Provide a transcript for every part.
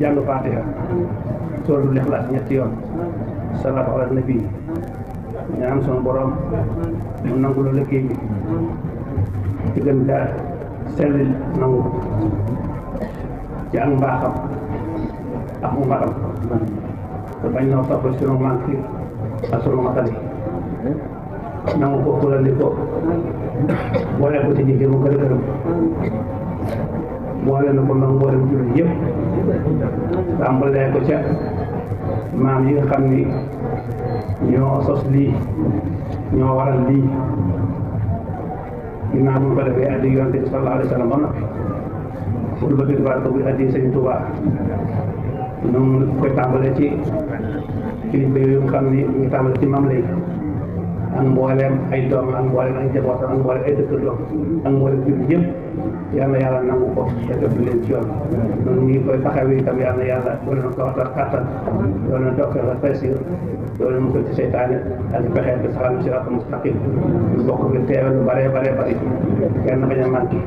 jàng faatiha suratul ixlaas ñetti yoon salaatu ala nabi ñaan sunu borom mu nangu lu liggéey bi ci gën kaa sellil nangu ci ak mbaaxam maram te bañ noo topp sunu manqué ak sunu matali nangu ko xulandi ko boole ko ci jigéen mu gën a gërëm boole na ko nangu mboolem jullit yëpp tàmbalee yi xam ni ñoo sos lii ñoo waral lii ginnaaw bu ñu ko defee addi yonte bi sallallahu alayhi wa sallam ba noppi bu ñu ko dégluwaat ko bu addi Sëriñ Tuubaa ñoom ñu koy tàmbalee ci kilifa yooyu nga xam ni ñu tàmbalee ci mam lay ang mboolem ay doom ang mboolem ak njaboot ak mboolem ay dëkkandoo ak mboolem jur yëpp yàlla yàlla nangu ko te def leen ci yoon noonu ñu koy taxawee itam yàlla yàlla doon na ko waxtaan doon na dokkee la taysiir doon na musal ci seytaane ak pexe bi saxal si rafet mustaqim ñu bokk bi teewal lu bare bare bari kenn bañ a manqué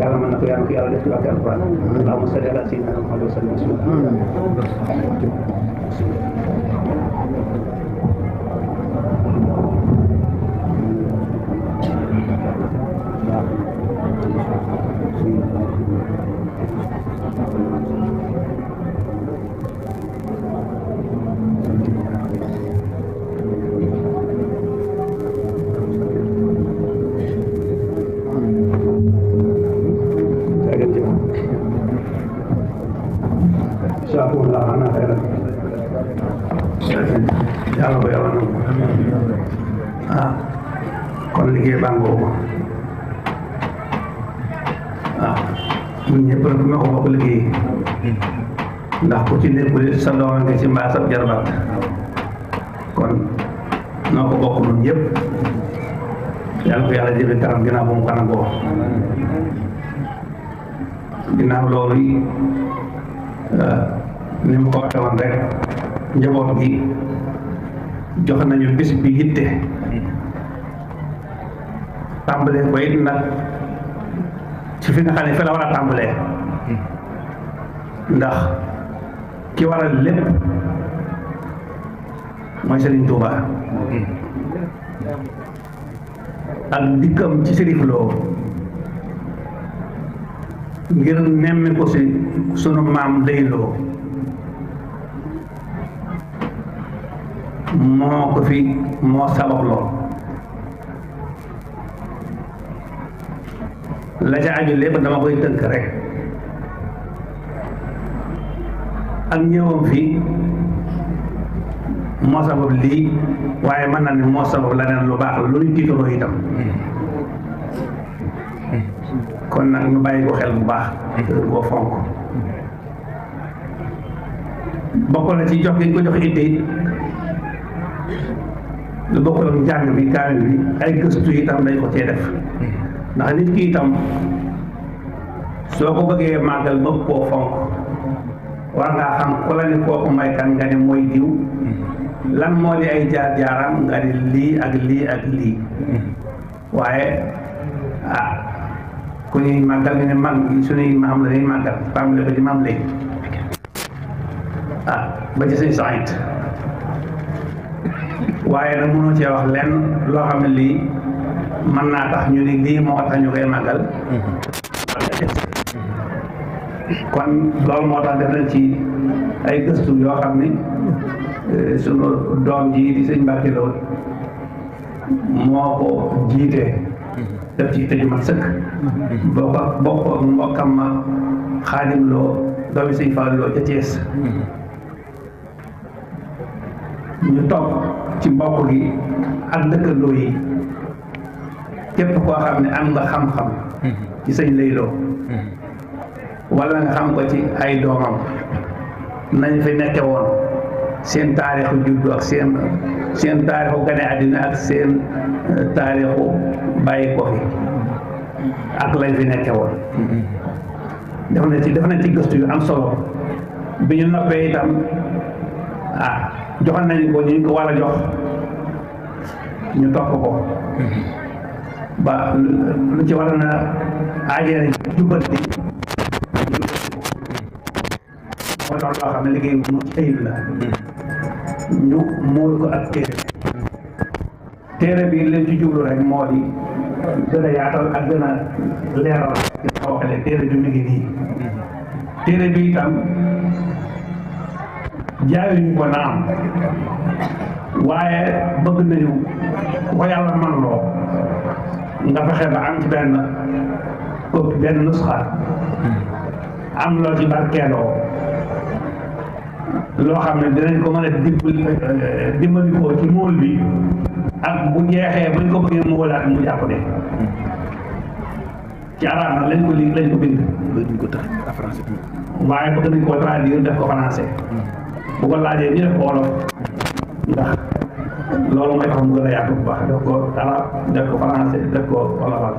yàlla mën na ko yàlla ko yàlla def ñun ko bokk liggéey ndax sa doom ci sa kon noo bokk ñun ñëpp yàlla ko yàlla jëfe kanam ginnaaw bu mu kanam boo ginnaaw loolu yi ni mu ko waxee rek gi jox nañu bis bi ci fi nga xam ne fi la war a tàmbalee ndax ki waral lépp mooy Serigne Touba ci Serif Lo ngir nemmi ko si sunu maam Dayloo moo ko fi moo sabab la ca aju lépp dama koy tënk rek ak ñëwam fii moo sabab lii waaye mën na ne moo sabab la neen lu baax la lu ñu tiitaroo itam kon nag ñu bàyyi ko xel bu baax boo fonk bokk na ci jox gi ko jox itte lu bokkul ak njàng bi kaamil bi ay gëstu itam dañ ko cee ndax nit ki itam soo ko bëggee màggal bëgg koo fonk war ngaa xam ku la ne kooku may kan nga ne mooy diw lan moo di ay jaar jaaram nga ne lii ak lii ak lii waaye ah ku ñuy màggal nga ne mag suñuy maam la ñuy màggal famille ko ci maam léegi ah suñu sax it waaye nag mënoo cee wax lenn loo xam lii mën naa tax ñu ne lii moo tax ñu koy màggal kon loolu moo tax def nañ ci ay gëstu yoo xam ni euh, sunu doom ji di sëñ Mbàkke Lo moo ko jiite def ci tëju sëkk boo ko mbokkam ma Xaadim Lo doomi sëñ Fall Lo ca ñu topp ci mbokk gi ak dëkkandoo yi képp koo xam ne am nga xam-xam ci sëñ Layloo wala nga xam ko ci ay doomam nañ fi nekke woon seen taarixu juddu ak seen seen taarixu gane àddina ak seen eh, taarixu bàyyi ko fi ak lañ fi nekke woon def na ci def na ci gëstu yu am solo bi ñu noppee itam ah nañu ko ñu ko war jox ñu topp ko ba lu ci war na aajeere jubbanti moo tax loo xam ne liggéey mu ayib la ñu muur ko ak téere téere bi leen ci jublu moo di gën a yaatal ak gën a leeral ci ma waxale téere bi mu ngi nii téere bi itam jaayuñu ko naam waaye bëgg nañu ko yàlla man loo nga fexe ba am ci benn kooku benn nusxa am loo ci barkeeloo loo xam ne dinañ ko mën a dimbali euh, ci mool bi ak bu jeexee buñ ko bëggee mu jàpp de ci araab nag lañ ko lii lañ ko bind. dañ ko tax a ko français hmm. bu ko laajee ñu def ko ndax. loolu mooy tax mu gën a yaatu bu baax def ko arab def ko français def ko wolof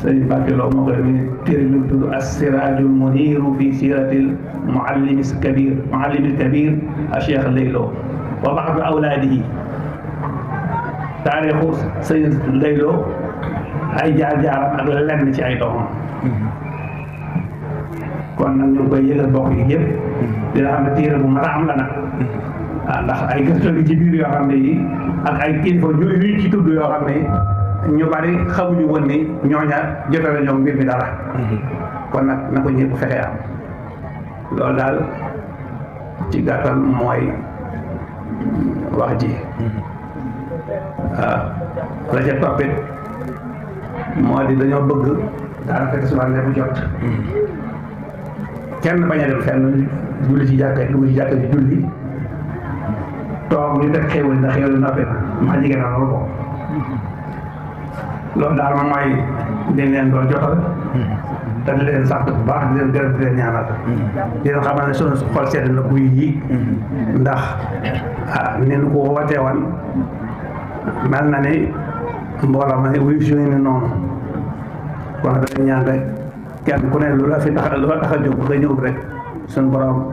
sëriñ Mbàkke loolu moo koy ni téere bi tudd as-siraajul muniiru fi siiratil muallimis kabir muallimil kabir a cheikh Laylo wa ba'du awlaadihi taarixu sëriñ Laylo ay jaar-jaaram ak lenn ci ay doomam kon nag ñu ngi koy yëgal bokk yi yëpp dina xam ne téere bu mën a am la nag ndax ay gëstu gi ci biir yoo xam ne yi ak ay kilifa ñu ñu ci tudd yoo xam ne ñu bari xamuñu woon ni ñooña jotale ñoom mbir mi dara kon nag na ko ñëpp fexe am loolu daal ci gàttal mooy wax ji waaw ah, la ca toppit moo di dañoo bëgg daana fekk subaane bu jot mm-hmm. kenn bañ a dem fenn julli ci jàkka dugg ci jàkka ji julli toog ñu def xéwal ndax xéwal noppi na maa jigéen na loolu ko loolu daal moom mooy liñ leen doon jotal te di leen sant bu baax di leen gërëm di leen ñaanal di leen xamal ne suñu xol sedd na guy yi ndax ah ni ñu ko wootee woon mel na ni mbooloo ma ne wuyu si ne noonu kon dañu ñaan rek kenn ku ne lu la fi tax lu la tax a jóg nga ñëw rek sunu borom.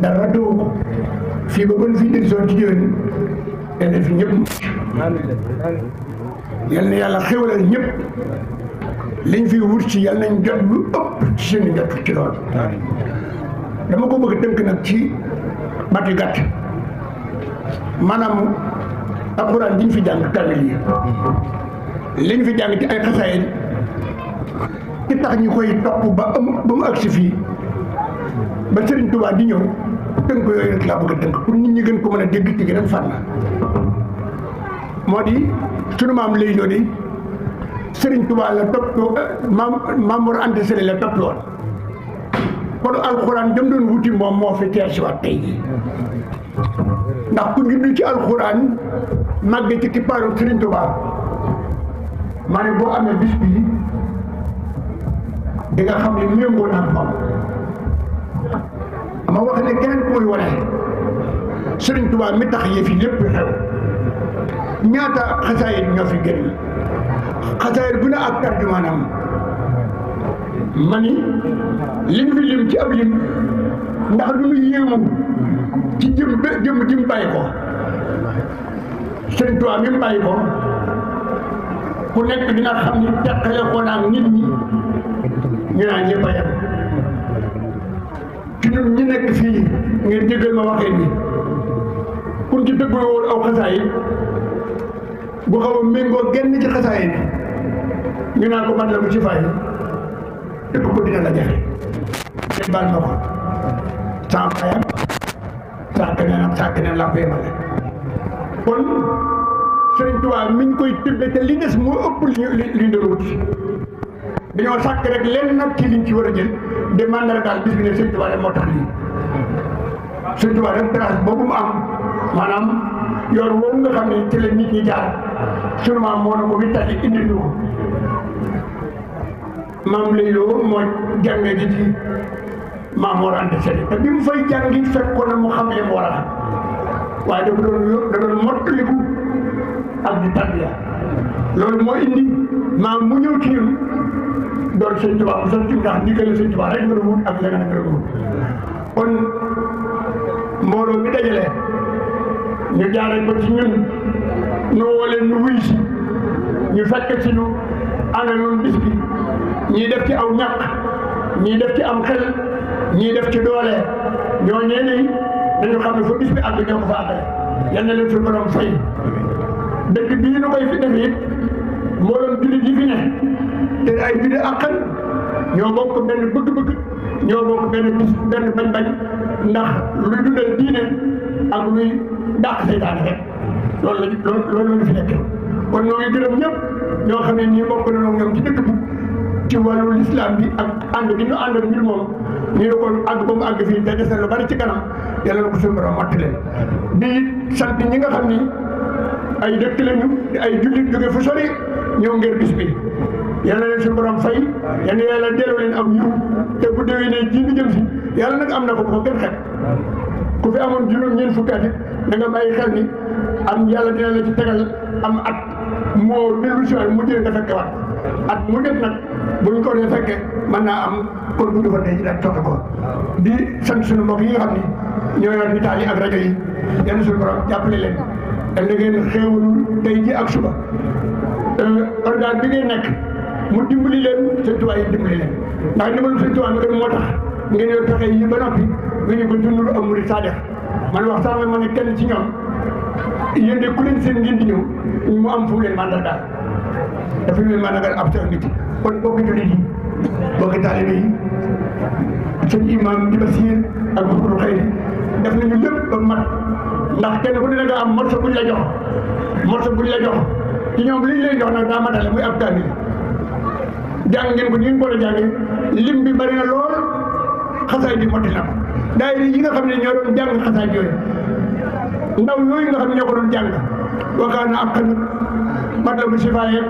dara doo ko fii ba bën fi dir soo ci déwén yàlla fi ñëpp yal na yàlla xéwalal ñëpp liñ fi wut ci yal nañ jot lu ëpp ci seen jot ci lool dama ko bëgg tënk nag ci bati gàtt maanaam alxuraan liñ fi jàng kamil yi liñ fi jàng ci ay xasaayit ci tax ñu koy topp ba am ba mu agsi fii ba Serigne Touba di ñëw tënk yooyu rek laa bëgg a tënk pour nit ñi gën ko mën a dégg ci gën a fànn moo di sunu maam lay ñoo di Serigne Touba la toppoo maam maam moo fi ndax ci alxuraan màgg ci kippaaru boo amee bis bii xam ne méngoo naa moom ma wax ne keneen ku koy wane Serigne Touba mi tax yëf yi lépp xew ñaata xasaayit ñoo fi génn xasaayit bu ne ak tarjumaanam ma ni lim fi lim ci ab lim ndax lu muy yéemu ci jëm ba jëm ji mu bàyyi ko Serigne Touba mi ko ku nekk dina xam ni teqale ko naan nit ñi ñu naan ñëpp a ci ñun ñi nekk fii ngeen jéggal ma waxee ni pour ci dëggul woon aw xasaay bu xaw a méngoo genn ci xasaay bi ñu naan ko man la mu ci fay dëgg ko dina la jafe ngeen baal ma ko sans fayam sans keneen ak sans keneen laa koy male kon sëriñ Tuubaa mi ñu koy tibbe te li des moo ëpp li ñu li ñu doon dañoo sàkk rek lenn nag ci liñ ci war a jël di mandargaal bis bi ne Sëñ Tuubaa moo tax lii Sëñ Tuubaa mu am maanaam yoon woowu nga xam ne ci la nit ñi jaar sunu maam moo na ko fi tali indi ñu ko maam lay loo moo jàngee ji ci maam war a andi sëriñ te bi mu fay jàngi fekkoon na mu xam ne mu war a xam waaye dafa doon da doon mottaliku ak di tarbiya loolu moo indi maam mu ñëw ci ñun doon sëñ Tuubaa bu sant ndax ndigal sëñ Tuubaa rek nga wut ak leneen nga wut kon mbooloo mi dajale ñu jaaree ko ci ñun ñu woo leen ñu wuy si ñu fekk ci ñu ànd noonu bis bi ñii def ci aw ñàkk ñii def ci am xel ñii def ci doole ñoo ñeeni dañu xam ne fa bis bi àgg ñoo ko fa àggale yal na leen suñu borom fay dëkk bii ñu koy fi def it mbooloom jullit yi fi ne te ay jullit àqal ñoo bokk benn bëgg-bëgg ñoo bokk benn bis benn bañ-bañ ndax luy dundal diine ak luy dàq seytaane rek loolu lañu loolu lañu fi nekk kon ñoo ngi ñëpp ñoo xam ne nii bokk nañoo ñoom ci dëkk bu ci wàllu lislaam bi ak ànd bi ñu àndoon mbir moom ñu ne kon àgg ba mu àgg fii te des lu bari ci kanam yàlla na ko suñu borom watt leen di sant ñi nga xam ni ay dëkk lañu ay jullit jóge fu sori ñëw ngir bis bi yal na leen suñu borom fay yal na yàlla leen am yiw te bu déwénee ji di jëm si yàlla nag am na ko ko gën xet ku fi amoon juróom ñeent fukki at it da nga bàyyi xel ni am yàlla dina la ci tegal am at moo dellu si waat mu jëlee nga fekke waat at mu nekk nag bu ñu ko fekke mën naa am kon bu defoon dañuy daal toog ko di sant suñu mbokk yi nga xam ni ñoo yor hôpital yi ak rajo yi yal na suñu borom leen da ngeen xéewal tey ji ak suba. organe bi ngay nekk mu dimbali leen seen tubaab yi dimbali leen ndax dimbalu seen tubaab moo tax ngeen yor pexe yi ba noppi nga ñu ko dundul am murid saa man wax sax ma ne ci ñoom yéen de ku leen seen ngeen di ñëw mu am fu mu leen mandargaal dafa leen mandargaal ab nit kon bokk jullit yi bokk taalibe yi seen imam di Basiir ak Bukuru Xayri def nañu lépp ba mat ndax kenn ku ne da nga am morso buñ la jox morso buñ la jox. ci ñoom liñ leen jox nag daa ma dale muy ab taalibe jàng ngeen ko ni ngeen ko war a jàngee lim bi bari na lool xasaay bi motti na ko daayira yi nga xam ne ñoo doon jàng xasaay yooyu ndaw yooyu nga xam ne ñoo ko doon jàng waxaan na ak xel matlabu sifaa yeeg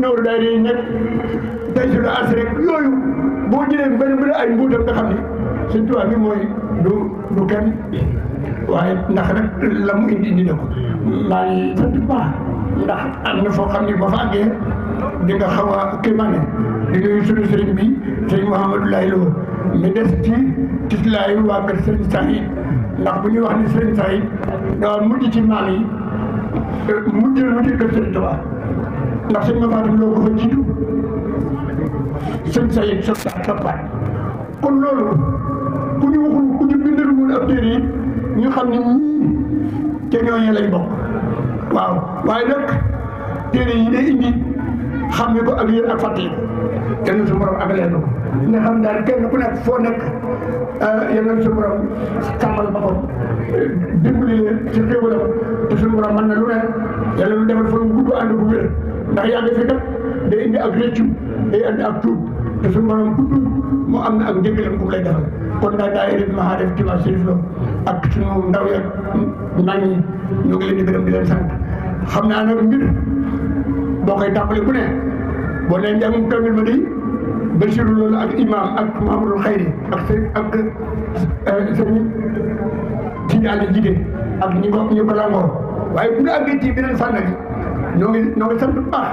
nooru daayira yi nekk tey su la as rek yooyu boo jëlee benn bu ay mbuutam nga xam ne suñ tubaab bi mooy du du kenn waaye ndax rek la mu indi indi na ko mm. ndax am na foo xam ne boo fa àggee di nga xaw a kéemaane di nuyu suñu bi sëriñ Mouhamadou Laye Lo mi des ci tislaayu waa kër sëriñ Sahid ndax bu ñuy wax ni sëriñ Sahid daal mujj ci maam yi mujj na mujj kër sëriñ Tuubaa ndax sëriñ ma Fatim loo ko fa jiitu sëriñ Sahid so toppaat kon loolu ku ñu waxul ku ñu bindal ab téere yi ñu xam ne ñii te ñooñu lañ bokk waaw waaye nag téere yi day indi xam ne ko ak yéen ak fàttali kenn su borom ak leen ko nga xam daal kenn ku nekk foo nekk eh, yéen su borom tàmbal boppam dimbali leen ci xéewalam te suñu borom na lu ne yàlla lu defal fan gudd ànd bu wér ndax yàgg fi kat day indi ak ak tuub te suñu borom kon daal daa yéen maa def ci waa Serif ak suñu ndaw ya ngi leen di gërëm di leen sant. xam naa nag mbir boo koy tàmbali ku ne boo leen jàng tamit ma di bachirul loolu ak imam ak mamadul xayri ak se ak seen tijaani jigéen ak ñi ko ñu ko langoo waaye bu ne àggee ci beneen sànn gi ñoo ngi ñoo ngi sant bu baax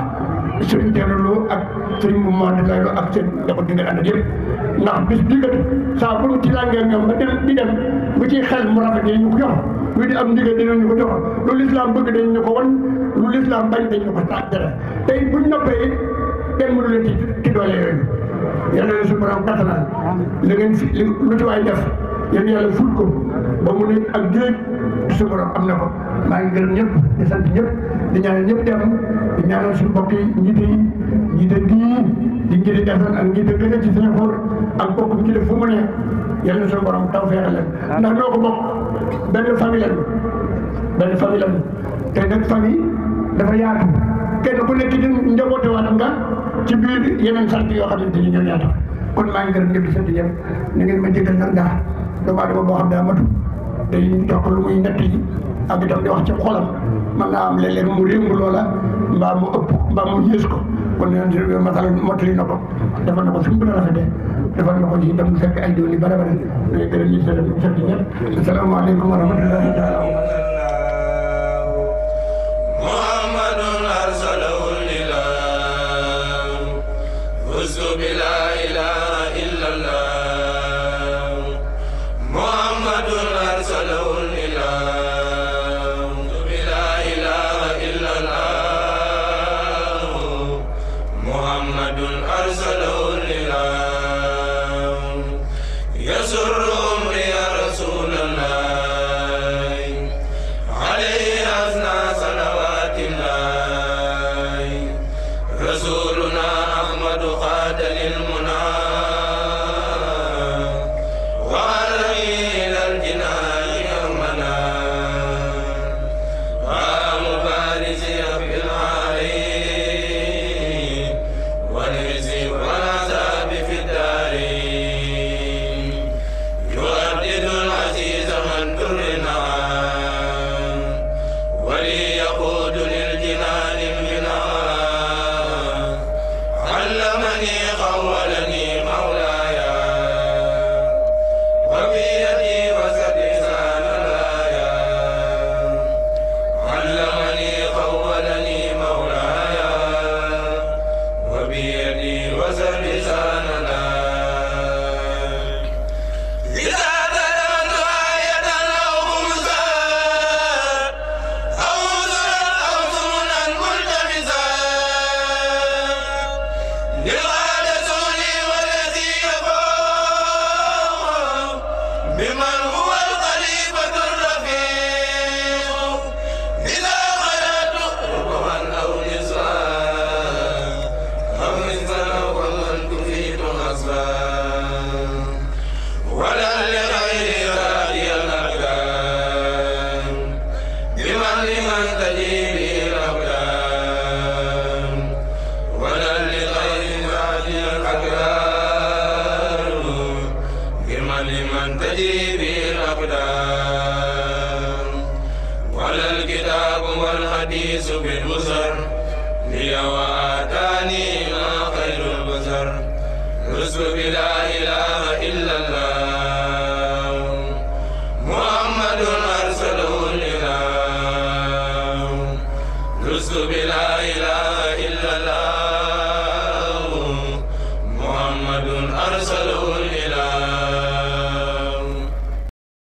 sëriñ teelalu ak sëriñ bu mooy dafay lu ak seen yokk di nga ànd ndax bis bi nga saa bu ñu tilaangee ñoom ba dem di dem bu ci xel mu rafetee ñu ko yor lu ci am ndigal dinañu ko joxal lu lislaam bëgg dañ ñu ko won lu lislaam bañ dañ ñu ko tàggale tey buñ noppee kenn mënu leen ci ci doole yooyu na leen la ngeen fi lu ci waay def yéen yàlla ful ko ba mu ne ak géej suñu borom am na ko maa ngi gërëm ñëpp di sant ñëpp di ñaanal ñëpp dem di ñaanal suñu mbokk yi ñi tey jëlee Assane ak ñi dëkk na ci suñu xur ak kooku ci def fu mu ne na suñu borom taw fexe leen ndax ñoo ko bokk benn famille lañu benn famille lañu te ku nekk ci njaboote waat nga ci biir yeneen sant yoo xamante ni ñoo yaatu kon maa ngi gërëm ñëpp di sant yëpp na ngeen ma jéggal nag ndax doomu aadama boo xam daa matu te jox ko lu muy nett yi ak itam di wax ci xolam mën naa am léeg-léeg mu rémb loola mbaa mu ëpp mbaa mu yées ko kon yéen si masala mottali na ko defal na ko suñu gën a rafetee defal na ko ci dem fekk ay diw yu bëri bëri. léegi gërëm ñu si salaamaaleykum wa rahmatulah. Yeah. تجري الأقدام ولا الكتاب والحديث بالبصر لي وآتاني ما خير رزق